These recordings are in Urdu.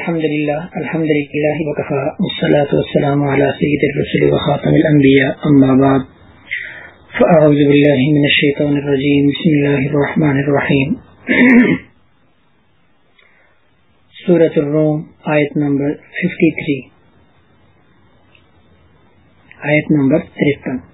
الحمد لله الحمد لله وكفى والصلاة والسلام على سيد الرسل وخاتم الأنبياء أما بعد فأعوذ بالله من الشيطان الرجيم بسم الله الرحمن الرحيم سورة الروم آية نمبر 53 آية نمبر 53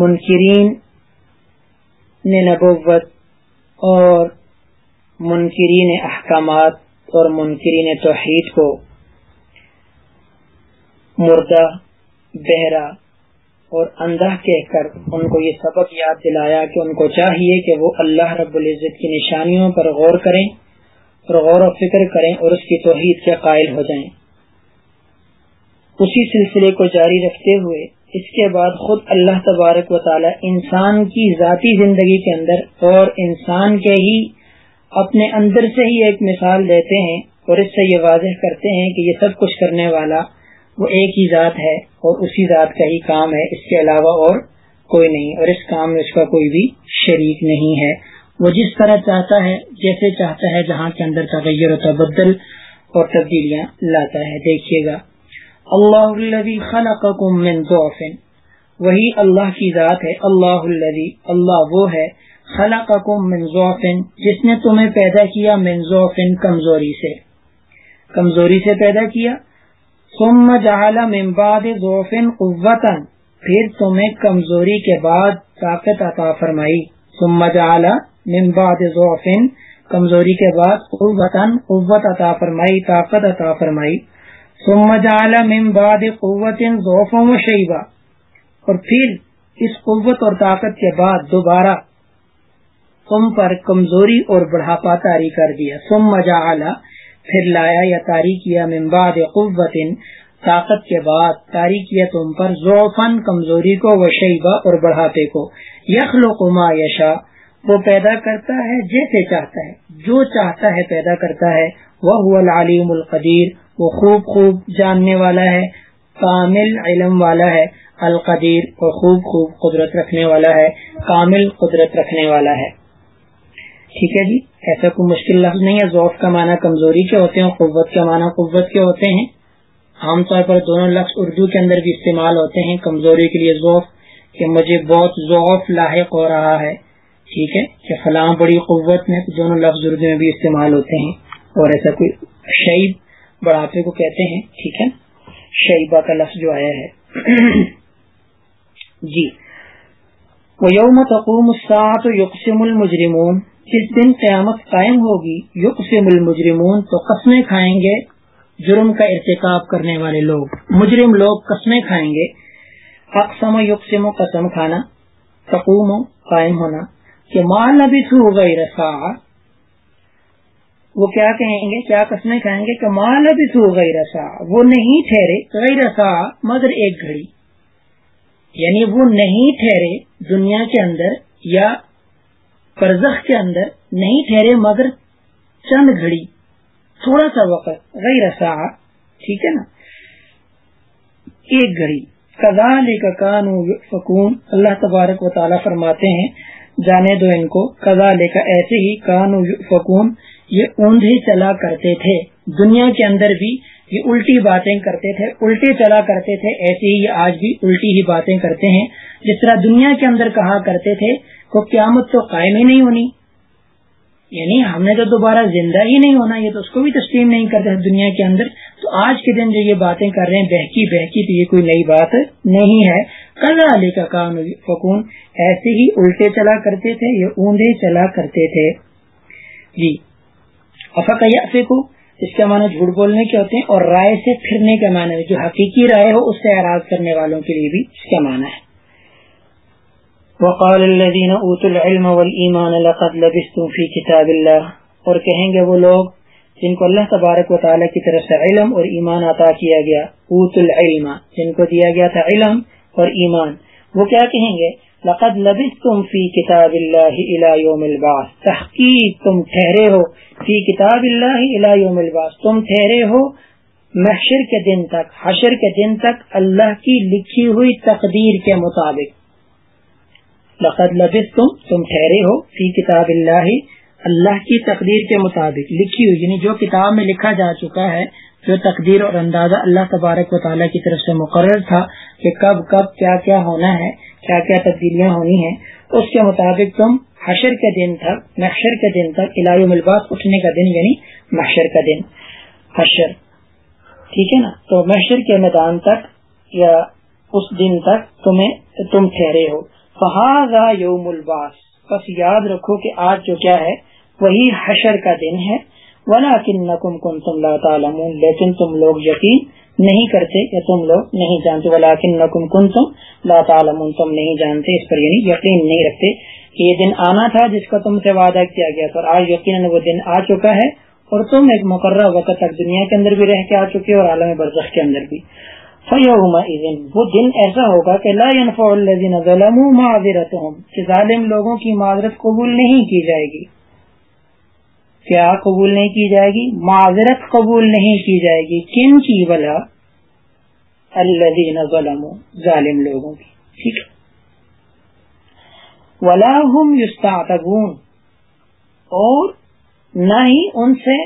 منکرین نے نبوت اور منکرین احکامات اور منکرین توحید کو مردہ بہرا اور اندھا کہہ کر ان کو یہ سبق یاد دلایا کہ ان کو چاہیے کہ وہ اللہ رب العزت کی نشانیوں پر غور کریں اور غور و فکر کریں اور اس کی توحید کے قائل ہو جائیں اسی سلسلے کو جاری رکھتے ہوئے اس کے بعد خود اللہ تبارک و تعالی انسان کی ذاتی زندگی کے اندر اور انسان کے ہی اپنے اندر سے ہی ایک مثال دیتے ہیں اور اس سے یہ واضح کرتے ہیں کہ یہ سب کچھ کرنے والا وہ ایک ہی ذات ہے اور اسی ذات کا ہی کام ہے اس کے علاوہ اور کوئی نہیں اور اس کام میں اس کا کوئی بھی شریک نہیں ہے وہ جس طرح چاہتا ہے جیسے چاہتا ہے جہاں کے اندر تغیر و تبدل اور تبدیلیاں لاتا ہے دیکھیے گا اللہ الذی خلقکم من ضعف وہی اللہ کی ذات ہے اللہ الذی اللہ وہ ہے خلقکم من ضعف جس نے تمہیں پیدا کیا من ضعف کمزوری سے کمزوری سے پیدا کیا ثم جعل من بعد ضعف قوتا پھر تمہیں کمزوری کے بعد طاقت عطا فرمائی ثم جعل من بعد ضعف کمزوری کے بعد قوت عطا فرمائی طاقت عطا فرمائی جعل من بعد قوت ضوفم و شیبا اور پھر اس قوت اور طاقت کے بعد دوبارہ تم پر کمزوری اور بڑھاپا طاری کر دیا ثم جعل پھر لایا یا کیا من بعد قوت طاقت کے بعد تاری کیا تم پر ضعفن کمزوری کو و شیبا اور بڑھاپے کو یخلق ما یشا وہ پیدا کرتا ہے جیسے چاہتا ہے جو چاہتا ہے پیدا کرتا ہے وہ ہوا العلیم القدیر وہ خوب خوب جاننے والا ہے کامل علم والا ہے القدیر وہ خوب خوب قدرت رکھنے والا ہے کامل قدرت رکھنے والا ہے ٹھیک ہے جی ایسا کوئی مشکل لفظ نہیں ہے ذوق کا معنی کمزوری کے ہوتے ہیں قوت کا معنی قوت کے ہوتے ہیں عام طور پر دونوں لفظ اردو کے اندر بھی استعمال ہوتے ہیں کمزوری کے لیے ذوق کہ مجھے بہت ذوق لاحق ہو رہا ہے ٹھیک ہے کہ فلاں بڑی قوت میں دونوں لفظ اردو میں بھی استعمال ہوتے ہیں اور ایسا کوئی شعیب بڑھاپے کو کہتے ہیں ٹھیک ہے شعیبہ کا لفظ جو آیا ہے جی وہ یوم تقوم سا یقسم المجرمون جس دن قیامت قائم ہوگی یقسم المجرمون تو قسمیں کھائیں گے جرم کا ارتکاب کرنے والے لوگ مجرم لوگ قسمیں کھائیں گے اقسم یقسم و و قسم کھانا تقوم قائم ہونا کہ ماں گئی رسا وہ کیا کہیں گے کیا قسمیں کہیں گے کہ ماں نبی تھو گئی رسا وہ نہیں ٹھہرے گئی رسا مگر ایک گھڑی یعنی وہ نہیں ٹھہرے دنیا کے اندر یا پرزخ کے اندر نہیں ٹھہرے مگر چند گھڑی تھوڑا سا وقت گئی رسا ٹھیک ہے نا ایک گھڑی سزا کا کانو فکون اللہ تبارک و تعالیٰ فرماتے ہیں جانے دو ان کو قضا لے کر ایسے ہی کان فکون یہ اون ہی چلا کرتے تھے دنیا کے اندر بھی یہ الٹی باتیں کرتے تھے الٹے چلا کرتے تھے ایسے ہی یہ آج بھی الٹی ہی باتیں کرتے ہیں جس طرح دنیا کے اندر کہا کرتے تھے کو قیامت تو قائم ہی نہیں ہونی یعنی ہم نے تو دوبارہ زندہ ہی نہیں ہونا یہ تو اس کو بھی تسلیم نہیں کرتے دنیا کے اندر تو آج کے دن جو یہ باتیں کر رہے ہیں بہکی بہکی تو یہ کوئی نئی بات نہیں ہے کا کام فکون ایسے ہی الٹے چلا کرتے تھے یا اوندے چلا کرتے تھے جی افق یافے کو اس کا معنی جھوٹ بولنے کے ہوتے ہیں اور رائے سے پھرنے کا معنی ہے جو حقیقی رائے ہو اس سے اعراض کرنے والوں کے لیے بھی اس کا معنی ہے وقال الذين اوتوا العلم والايمان لقد في كتاب الله اور کہیں گے وہ لوگ جن کو اللہ تبارک و تعالیٰ کی طرف سے علم اور ایمان عطا کیا گیا اوت العلم جن کو دیا گیا تھا علم اور ایمان وہ کیا کہیں گے لقد لبس تم فی کتاب اللہ یوم الباس تحقیق تم ٹھہرے ہو فی کتاب اللہ یوم الباس تم ٹھہرے ہو محشر کے دن تک حشر کے دن تک اللہ کی لکھی ہوئی تقدیر کے مطابق لقد لبس تم تم ٹھہرے ہو فی کتاب اللہ اللہ کی تقدیر کے مطابق لکھی ہوئی یعنی جو کتاب میں لکھا جا چکا ہے جو تقدیر اور اندازہ اللہ تبارک و تعالیٰ کی طرف سے مقرر تھا کہ کب کب کیا کیا ہونا ہے کیا کیا تبدیلیاں ہونی ہیں اس کے مطابق تم حشر کے دن تک محشر کے دن تک الہی ملباس اٹھنے کا دن یعنی محشر کا دن حشر ٹھیک ہے نا تو محشر کے میدان تک یا اس دن تک تمہیں تم ٹھہرے ہو یوم الباس بس یاد رکھو کہ آج جو کیا ہے وہی حشر کا دن ہے ولاکن کم کن تم لیکن تم لوگ یقین نہیں کرتے یا تم لوگ نہیں جانتے ولاقل نکم کن تم لات تم نہیں جانتے اس پر یعنی یقین نہیں رکھتے کہ یہ دن آنا تھا جس کا تم سے وعدہ کیا گیا اور آج یقیناً وہ دن آ چکا ہے اور تم ایک مقررہ وقت تک دنیا کے اندر بھی رہ کے آ چکے اور عالم برزخ کے اندر بھی وہ دن ایسا ہوگا کہ کہ لا ظالم لوگوں کی معذرت قبول نہیں کی جائے گی کیا قبول نہیں کی جائے گی معذرت قبول نہیں کی جائے گی کن کی بلا ظلم ظالم لوگوں کی ٹھیک ہے نہ ہی ان سے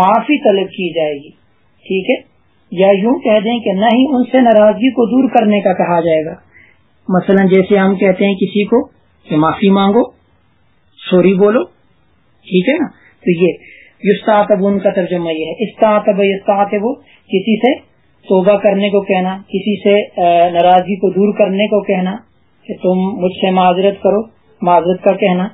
معافی طلب کی جائے گی ٹھیک ہے یا یوں کہہ دیں کہ نہ ہی ان سے ناراضگی کو دور کرنے کا کہا جائے گا مثلا جیسے ہم کہتے ہیں کسی کو کہ معافی مانگو سوری بولو ٹھیک ہے نا تو یہ کا ترجمہ یہ ہے استاطب استاحت وہ کسی سے توبہ کرنے کو کہنا کسی سے ناراضگی کو دور کرنے کو کہنا کہ تم مجھ سے معذرت کرو معذرت کا کہنا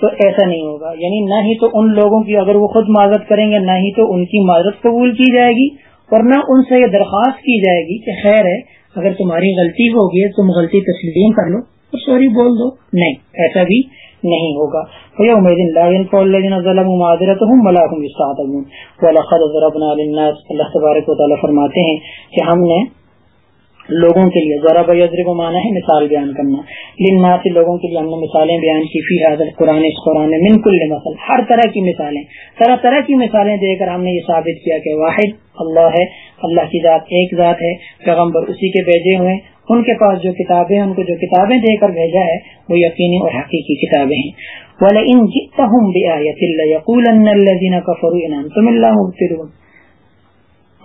تو ایسا نہیں ہوگا یعنی نہ ہی تو ان لوگوں کی اگر وہ خود معذرت کریں گے نہ ہی تو ان کی معذرت قبول کی جائے گی اور نہ ان سے یہ درخواست کی جائے گی کہ خیر ہے اگر تمہاری غلطی ہوگی تم غلطی تسلیم کر لو سوری بول دو نہیں ایسا بھی نہیں ہوگا اللہ تبارک و تعالیٰ فرماتے ہیں کہ ہم نے لوگوں کے لیے ذرا بزر کو مانا ہے مثال بیان کرنا سے لوگوں کے لیے ہم نے مثالیں بیان کی فی حاضر قرآن اس قرآن من کل مثل ہر طرح کی مثالیں طرح طرح کی مثالیں دے کر ہم نے یہ ثابت کیا کہ واحد اللہ ہے اللہ کی ذات ایک ذات ہے پیغمبر اسی کے بیجے ہوئے ان کے پاس جو کتابیں ان کو جو کتابیں دے کر بھیجا ہے وہ یقینی اور حقیقی کتابیں ہیں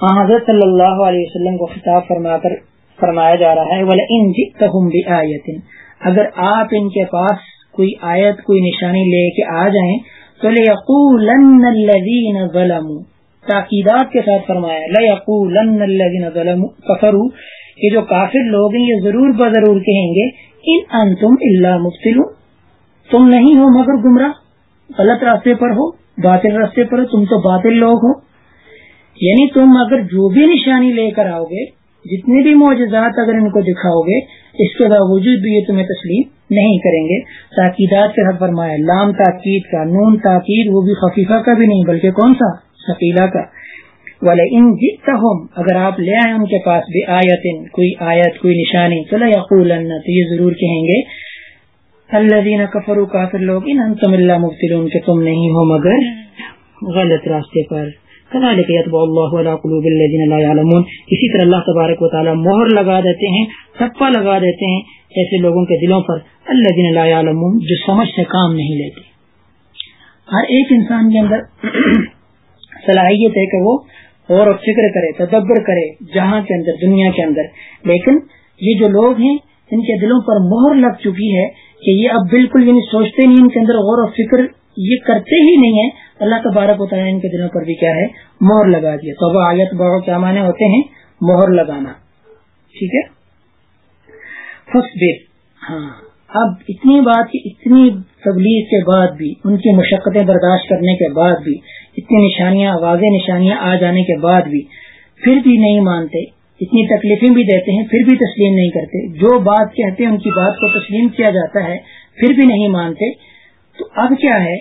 ہاں حضرت صلی اللہ علیہ وسلم کو خطاب فرما کر فرمایا جا رہا ہے اگر آپ ان کے پاس کوئی آیت کوئی نشانی لے کے آ جائیں تو الَّذِينَ ظَلَمُوا تاکیدات کے ساتھ فرمایا یہ جو کافر لوگ ہیں یہ ضرور بضرور کہیں گے ان انتم اللہ مفتل تم نہیں ہو مگر گمراہ غلط راستے پر ہو باطل راستے پر ہو تم تو باطل لوگ ہو یعنی تم اگر جو بھی نشانی لے کر آؤ گے جتنے بھی معجزات اگر ان کو دکھاؤ گے اس کے باوجود بھی یہ تمہیں تسلیم نہیں کریں گے تاکیدات کے حق فرمائے لام تاکید کا نون تاکید وہ بھی خفیفہ کا بھی نہیں بلکہ کون سا شکیلا کا ولئن جئتهم اگر آپ لے آئے ان کے پاس بھی آیت کوئی آیت کوئی نشانی تو لیقولن تو یہ ضرور کہیں گے الذین کفروا کافر لوگ ان انتم اللہ مفتلون کہ تم نہیں ہو مگر غلط راستے پر کذالک یتبع اللہ علا قلوب الذین لا یعلمون اسی طرح اللہ تبارک و تعالی مہر لگا دیتے ہیں سپا لگا دیتے ہیں ایسے لوگوں کے دلوں پر الذین لا یعلمون جو سمجھ سے کام نہیں لیتے ہر ایک انسان کے اندر صلاحیت ہے کہ وہ غور و فکر کرے تدبر کرے جہاں کے اندر دنیا کے اندر لیکن یہ جو لوگ ہیں ان کے دلوں پر مہر لگ چکی ہے کہ یہ اب بالکل یعنی سوچتے نہیں ان کے اندر غور و فکر یہ کرتے ہی نہیں اللہ تبارک ان کے دلوں پر بھی کیا ہے مہر لگا دیا تو آیت صبح کیا معنی ہوتے ہیں مہر لگانا ٹھیک ہے ہاں اب اتنی بات اتنی تبلیغ کے بعد بھی ان کی مشقتیں برداشت کرنے کے بعد بھی اتنی نشانیاں واضح نشانیاں آ جانے کے بعد بھی پھر بھی نہیں مانتے اتنی تکلیفیں بھی دیتے ہیں پھر بھی تسلیم نہیں کرتے جو بات کہتے ہیں ان کی بات کو تسلیم کیا جاتا ہے پھر بھی نہیں مانتے تو اب کیا ہے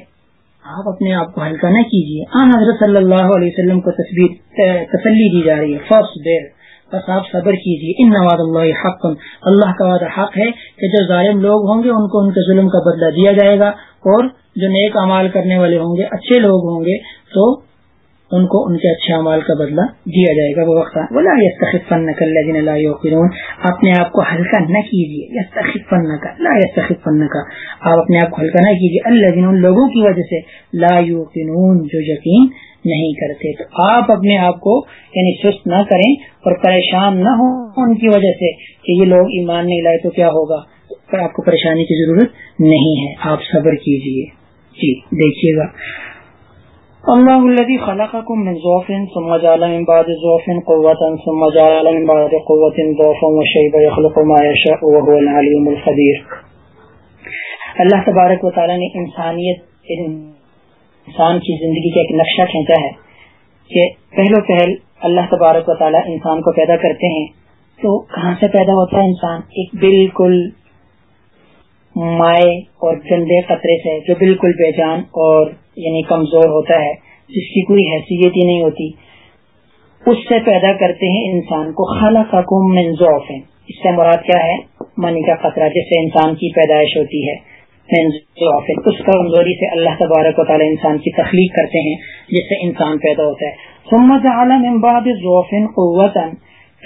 آپ اپنے آپ کو ہلکا نہ کیجیے آن حضرت صلی اللہ علیہ وسلم کو تصویر تسلی دی جا رہی ہے فرسٹ دیر بس آپ صبر کیجیے ان نواز اللہ حق اللہ کا وعدہ حق ہے کہ جو ظالم لوگ ہوں گے ان کو ان کے ظلم کا بدلہ دیا جائے گا اور جو نیک امال کرنے والے ہوں گے اچھے لوگ ہوں گے تو ان کو ان کے اچھے اعمال کا بدلہ دیا جائے گا وقت بولا اپنے آپ کو ہلکا نہ کیجیے پن کا آپ اپنے آپ کو ہلکا نہ کیجیے اللہ جن لوگوں کی وجہ سے لا کنون جو یقین نہیں کرتے تو آپ اپنے آپ کو یعنی سست نہ کریں اور پریشان نہ ہو ان کی وجہ سے کہ یہ لوگ ایمان نہیں لائے تو کیا ہوگا آپ کو پریشانی کی ضرورت نہیں ہے آپ صبر کیجیے جی دیکھیے گا اللہ الذي خلقكم من ضعف ثم جعل من بعد ضعف قوة ثم جعل من بعد قوة ضعف وشيب يخلق ما يشاء وهو العليم الخبير اللہ تبارک و تعالی نے انسانیت انسان کی زندگی کا ایک نقشہ کھینچا ہے کہ پہلو پہل اللہ تبارک و تعالی انسان کو پیدا کرتے ہیں تو کہاں سے پیدا ہوتا ہے انسان ایک بالکل مائع اور گندے خطرے سے جو بالکل بے جان اور یعنی کمزور ہوتا ہے جس کی کوئی حیثیت ہی نہیں ہوتی اس سے پیدا کرتے ہیں انسان کو خالہ منظوف ہے اس سے مراد کیا ہے منی کا خطرہ جس سے انسان کی پیدائش ہوتی ہے اس کمزوری سے اللہ تبارک و تعالی انسان کی تخلیق کرتے ہیں جس سے انسان پیدا ہوتا ہے سما جا بادفین وطن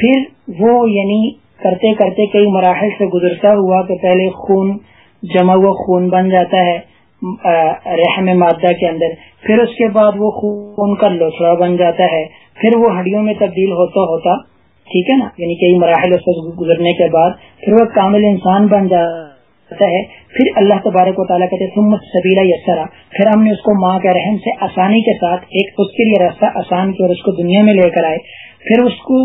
پھر وہ یعنی کرتے کرتے کئی مراحل سے گزرتا ہوا تو پہلے خون جمع ہوا خون بن جاتا ہے رحم مادہ کے اندر پھر اس کے بعد وہ خون کا لوسڑا بن جاتا ہے پھر وہ ہڈیوں میں تبدیل ہوتا ہوتا ٹھیک ہے نا یعنی کئی مراحل اس گزرنے کے بعد پھر وہ کامل انسان بن جاتا ہے پھر اللہ تبارک و تعالیٰ کہتے تم سبیلا یسرا پھر ہم نے اس کو ماں کے رحم سے آسانی کے ساتھ ایک اس کے لیے راستہ آسان کی اور اس کو دنیا میں لے کر آئے پھر اس کو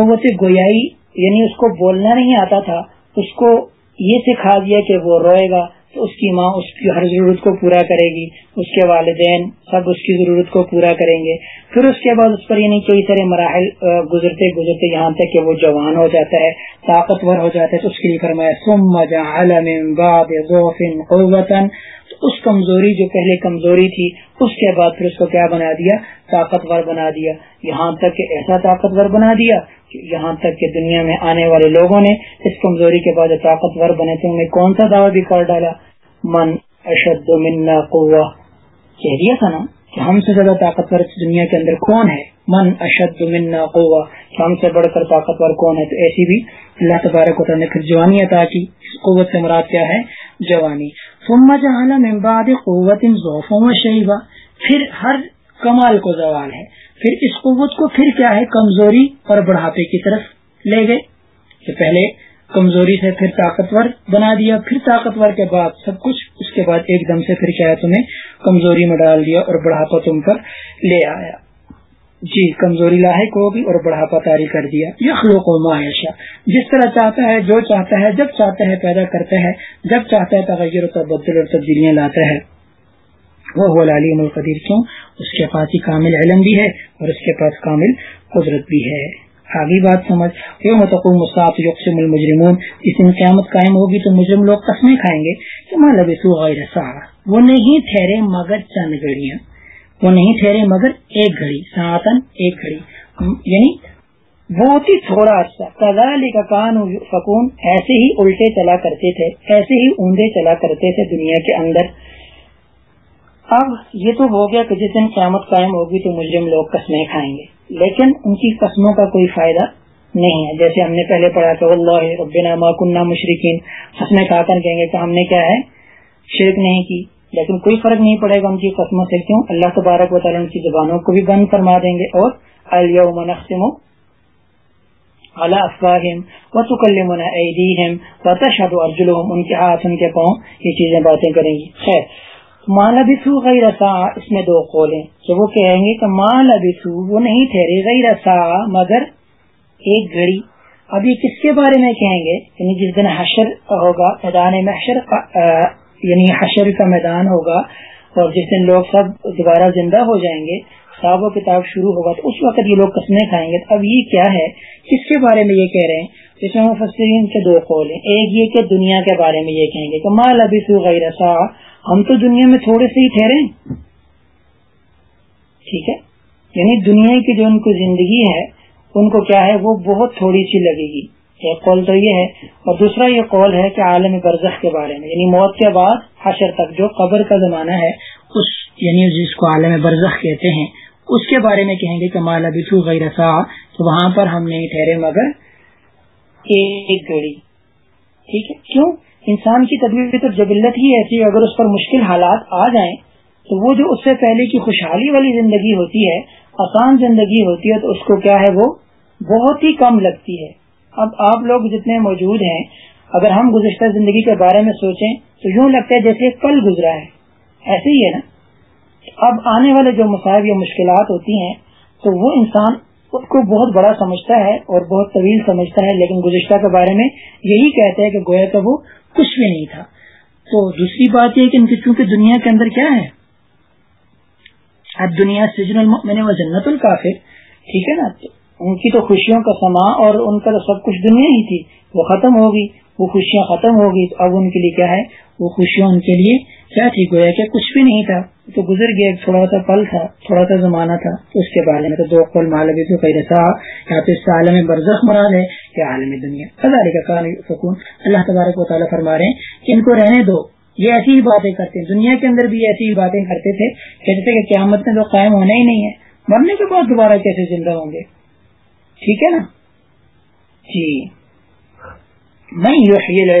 قوت گویائی یعنی اس کو بولنا نہیں آتا تھا اس کو یہ سکھا دیا کہ وہ روئے گا تو اس کی ماں اس کی ہر ضرورت کو پورا کرے گی اس کے والدین سب اس کی ضرورت کو پورا کریں گے پھر اس کے بعد اس پر یعنی کئی طرح مراحل گزرتے گزرتے یہاں تک کہ وہ جوان ہو جاتا ہے طاقتور ہو جاتا ہے تو اس کے لیے فرمایا اس کمزوری جو پہلے کمزوری تھی اس کے بعد پھر اس کو کیا بنا دیا طاقتور بنا دیا یہاں تک کہ ایسا طاقتور بنا دیا یہاں تک کہ دنیا میں آنے والے لوگوں نے اس کمزوری کے بعد طاقتور بنے تھے انہیں کون سا دعوی بھی کر ڈالا من اشد منا کو کہہ دیا تھا نا کہ ہم سے زیادہ طاقتور دنیا کے اندر کون ہے من اشد منا کو ہم سے بڑھ کر طاقتور کون ہے تو ایسی بھی اللہ تبارک نے پھر جوانی عطا کی قوت سے مراد کیا ہے جوانی جہالا قوت ان ضوفوں میں شہیدا پھر ہر کمال کو زوال ہے پھر اس قوت کو پھر کیا ہے کمزوری اور بڑھاپے کی طرف لے گئے کہ پہلے کمزوری سے پھر طاقتور بنا دیا پھر طاقتور کے بعد سب کچھ اس کے بعد ایک دم سے پھر کیا ہے تمہیں کمزوری میں ڈال دیا اور بڑھاپا تم پر لے آیا جی کمزوری لاحق ہوگی اور بڑھاپا تاری کر دیا و معاشہ جس طرح چاہتا ہے جو چاہتا ہے جب چاہتا ہے پیدا کرتا ہے جب چاہتا ہے تغیر و تبدل اور تبدیلیاں لاتا ہے وہ ہو لالی قدیر کامل علم بھی ہے اور اس کے پاس کامل قدرت بھی ہے آگے بات سمجھ یقسم المجرمون اس میں قیامت قائم ہوگی تو مجرم لوگ قسمیں کھائیں گے کہ ماں غیر وہ نہیں ٹھہرے مگر گڑیاں وہ نہیں ٹھہرے مگر ایک گھڑی سناتن ایک گھڑی یعنی بہت ہی تھوڑا کزا علی کا کان فکون ایسے ہی الٹے چلا کرتے تھے ایسے ہی اونڈے چلا کرتے تھے دنیا کے اندر اب یہ تو ہو گیا کہ جس دن قیامت قائم ہوگی تو مجرم لوگ قسمیں کھائیں گے لیکن ان کی قسموں کا کوئی فائدہ نہیں ہے جیسے ہم نے پہلے پڑھا کہ اللہ ربنا ما کنہ مشرقین کہیں گے کہ ہم نے کیا ہے شرک نہیں کی لیکن کوئی فرق نہیں پڑے گا ان کی قسموں سے کیوں اللہ تبارک و تعالیٰ ان کی زبانوں کو بھی بند فرما دیں گے اور الیوم نقسم على افواههم وتكلمنا ايديهم وتشهد ارجلهم ان کے ہاتھ ان کے پاؤں یہ چیزیں باتیں کریں گی خیر ما لبثو غیر سا اس میں دو قول ہیں کہ وہ کہیں گے کہ ما لبثو وہ نہیں ٹھہرے غیر سا مگر ایک گھڑی اب یہ کس کے بارے میں کہیں گے یعنی جس دن حشر ہوگا میدان محشر یعنی حشر کا میدان ہوگا اور جس دن لوگ سب دوبارہ زندہ ہو جائیں گے خعب و کتاب شروع ہوگا تو اس وقت یہ لوگ قسمیں کھائیں گے تو اب یہ کیا ہے کس کے بارے میں یہ کہہ رہے ہیں جس میں مفسرین کے دو قول ہیں ایک یہ کہ دنیا کے بارے میں یہ کہیں گے کہ ماں لبی غیر ہم تو دنیا میں تھوڑے سے ہی ٹھہرے ٹھیک ہے یعنی دنیا کی جو ان کو زندگی ہے ان کو کیا ہے وہ بہت تھوڑی سی لگے گی ایک قول تو یہ ہے اور دوسرا یہ قول ہے کہ عالم برزخ کے بارے میں یعنی موت کے بعد حشر تک جو قبر کا زمانہ ہے اس یعنی جس کو عالم برزخ کہتے ہیں اس کے بارے میں کہیں گے کہ مالا بچو سا رسا وہاں پر ہم نہیں ٹھہرے مگر ایک گڑی ٹھیک ہے کیوں انسان کی طبیعت تو جبلت ہی ایسی اگر اس پر مشکل حالات آ جائیں تو وہ جو اس سے پہلے کی خوشحالی والی زندگی ہوتی ہے آسان زندگی ہوتی ہے تو اس کو کیا ہے وہ بہت ہی کم لگتی ہے اب آپ لوگ جتنے موجود ہیں اگر ہم گزشتہ زندگی کے بارے میں سوچیں تو یوں لگتا ہے جیسے کل گزرا ہے ایسے ہی ہے نا اب آنے والے جو مصائب یا مشکلات ہوتی ہیں تو وہ انسان اس کو بہت بڑا سمجھتا ہے اور بہت طویل سمجھتا ہے لیکن گزشتہ کے بارے میں یہی کہتا ہے کہ گویا کا وہ کچھ بھی نہیں تھا تو دوسری بات یہ کہ ان کی دنیا کے اندر کیا ہے اب دنیا سجن میں نے وہ جنت الکافر ٹھیک ہے نا ان کی تو خوشیوں کا سما اور ان کا سب کچھ دنیا ہی تھی وہ ختم ہوگی وہ خوشیاں ختم ہوگی تو اب ان کے لیے کیا ہے وہ خوشیاں ان کے لیے کیا تھی ہوا کیا کچھ بھی نہیں تھا تو گزر گیا تھوڑا سا پل تھا تھوڑا سا زمانہ تھا اس کے بارے میں تو دو پل عالم برزخ مراد ہے یا عالم دنیا ہزارے کا سکون اللہ تبارک کو تعالیٰ فرما رہے ہیں کہ ان کو رہنے دو یہ ایسی ہی باتیں کرتے ہیں دنیا کے اندر بھی ایسی ہی باتیں کرتے تھے کہتے تھے کہ قیامت میں تو قائم ہونا ہی نہیں ہے مرنے کے بعد دوبارہ کیسے زندہ ہوں گے ٹھیک ہے نا جی میں یو ہے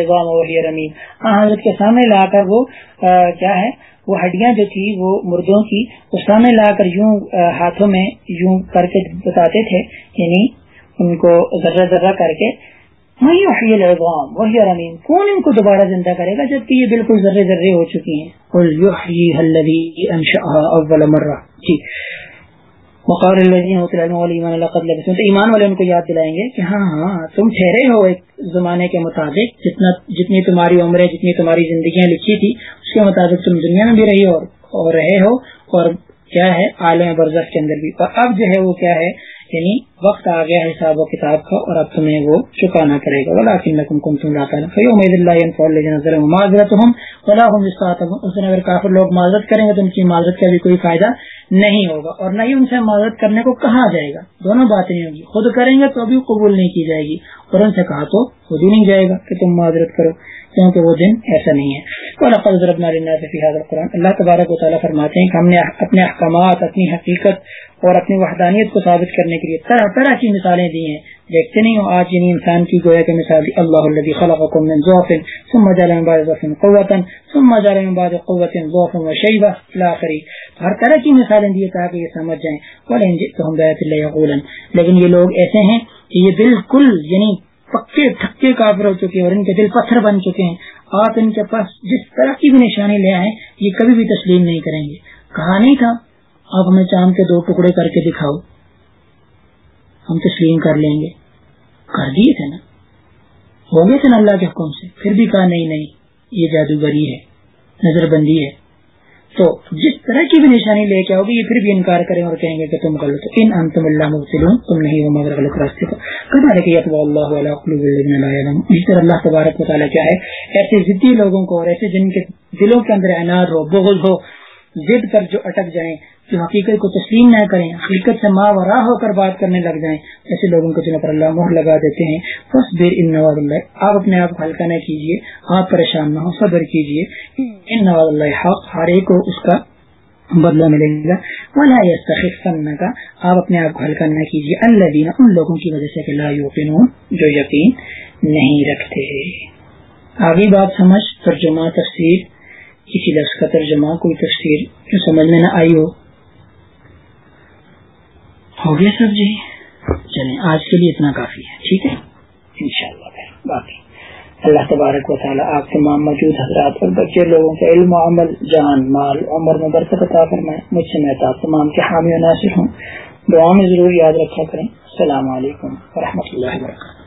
وہ ہڈیاں جو تھی وہ مردوں کی وہ سامنے لا کر یوں ہاتھوں میں یوں کر کے بتاتے تھے یعنی ان کو ذرہ ذرہ کر کے میں یو شیلغام وحیہ رمیم کون ان کو دوبارہ زندہ کرے گا جبکہ یہ بالکل ذرے ذرے ہو چکی ہیں جی تو ایمان والے ان کو یاد دلائیں گے کہ ہاں ہاں تم ٹھہرے ہو ایک زمانے کے مطابق جتنا جتنی تمہاری عمریں جتنی تمہاری زندگیاں لکھی تھی اس کے مطابق تم دنیا میں بھی رہی ہو اور رہے ہو اور کیا ہے عالم برزخ کے اندر بھی اور اب جو ہے وہ کیا ہے یعنی وقت آ گیا حساب و کتاب کا اور اب تمہیں وہ چکانا پڑے گا معذرت کریں گے تو ان کی معذرت کا بھی کوئی فائدہ نہیں ہوگا اور نہ ہی ان سے معذرت کرنے کو کہا جائے گا دونوں باتیں ہوگی خود کریں گے تو قبول نہیں کی جائے گی اور ان سے کہا تو خود ہی نہیں جائے گا کہ تم معذرت کرو کیونکہ وہ دن ایسا نہیں ہے اور اللہ تبارک و تعالیٰ فرماتے ہیں کہ ہم نے اپنے احکامات اپنی حقیقت اور اپنی وحدانیت کو ثابت کرنے کے لیے طرح طرح کی مثالیں دی ہیں دیکھتے نہیں ہوں آج یعنی انسان کی گویا کے مثال دی اللہ الذي خلقكم من ضعف ثم جعل من بعد ضعف قوة ثم جعل من بعد قوة ضعف وشيبة الى اخر ہر طرح کی مثالیں دی تاکہ یہ سمجھ جائیں اور ان جس ہم بیت اللہ یقولا لیکن یہ لوگ ایسے ہیں کہ یہ بالکل یعنی پکے تھکے کافر ہو چکے اور ان کے دل پتھر بن چکے ہیں آپ ان کے پاس جس طرح کی بھی نشانی لے آئیں یہ کبھی بھی تسلیم نہیں کریں گے کہا نہیں تھا آپ ہمیں چاند کے دو ٹکڑے کر کے دکھاؤ ہم تسلیم کر لیں گے کر دیے تھے نا ہو گئے تھے نا اللہ کے حکم سے پھر بھی کہا نہیں نہیں یہ جادوگری ہے نظر بندی ہے تو جس طرح کی بھی نشانی لے کے آؤ یہ پھر بھی انکار کریں اور کہیں گے کہ تم غلط ان انتم اللہ تم نہیں ہو مگر غلط راستے ہوا اللہ طرح اللہ تبارک کیا ہے ایسے ضدی لوگوں کو اور ایسے جن کے دلوں کے اندر اناج ہو بغض ہو ضد پر جو اٹک جائیں جو حقیقت کو تسلیم نہ کریں حقیقت سے ماں ورا ہو کر بات کرنے لگ جائیں ایسے لوگوں کو پر اللہ مہر لگا دیتے ہیں بس دیر ان نواز اللہ آپ آپ اپنے کو ہلکا نہ کیجیے آپ پریشان نہ ہو صبر کیجیے ان نواز اللہ حق ہر ایک کو اس کا بدلہ ملے گا کا آپ اپنے آپ کو ہلکا نہ کیجیے اللہ دینا ان لوگوں کی وجہ سے لا جو یقین نہیں رکھتے آگے بات سمجھ ترجمہ تفصیل کسی لفظ کا ترجمہ کوئی تفسیر جو سمجھ میں نہ آئی ہو ہو گیا سر جی چلیں آج کے لیے اتنا کافی ہے ٹھیک انشاءاللہ شاء باقی اللہ تبارک و تعالیٰ آپ کے موجود حضرات اور بچے لوگوں کے علم و عمل جان مال عمر میں برکت عطا فرمائے مجھ سے میں تمام کے حامی و ناصر ہوں دعا میں ضرور یاد رکھا کریں السلام علیکم و اللہ وبرکاتہ